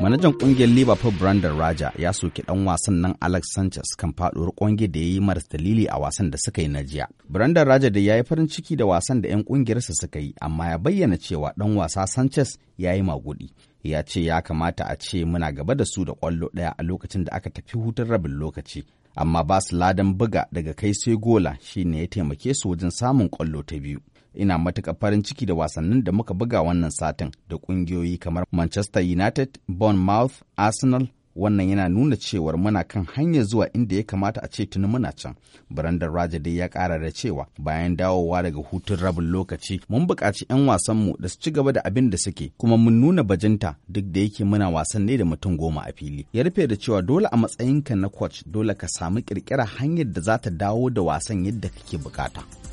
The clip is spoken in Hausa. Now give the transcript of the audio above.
Manajan kungiyar Liverpool Brandon Raja ya soki dan wasan nan Alex Sanchez kan faduwar kwange da ya yi maras dalili a wasan da suka yi na jiya. Brandon Raja da ya yi farin ciki da wasan da 'yan kungiyarsa suka yi amma ya bayyana cewa dan wasa Sanchez ya yi magudi. Ya ce ya kamata a ce muna gaba da su da kwallo ɗaya a lokacin da aka tafi hutun rabin lokaci amma ba su ladan buga daga kai sai gola shine ya taimake su wajen samun ƙwallo ta biyu. Ina matuƙar farin ciki da wasannin da muka buga wannan satin da ƙungiyoyi kamar Manchester United, Bournemouth, Arsenal, wannan yana nuna cewar muna kan hanyar zuwa inda ya kamata a ce tuni muna can barandar raja dai ya kara da cewa bayan dawowa daga hutun rabin lokaci mun buƙaci 'yan wasanmu da su ci gaba da abin da suke kuma mun nuna bajinta duk da yake muna wasan ne da mutum goma a fili ya rufe da cewa dole a matsayinka na coach dole ka samu ƙirƙira hanyar da za ta dawo da wasan yadda kake bukata.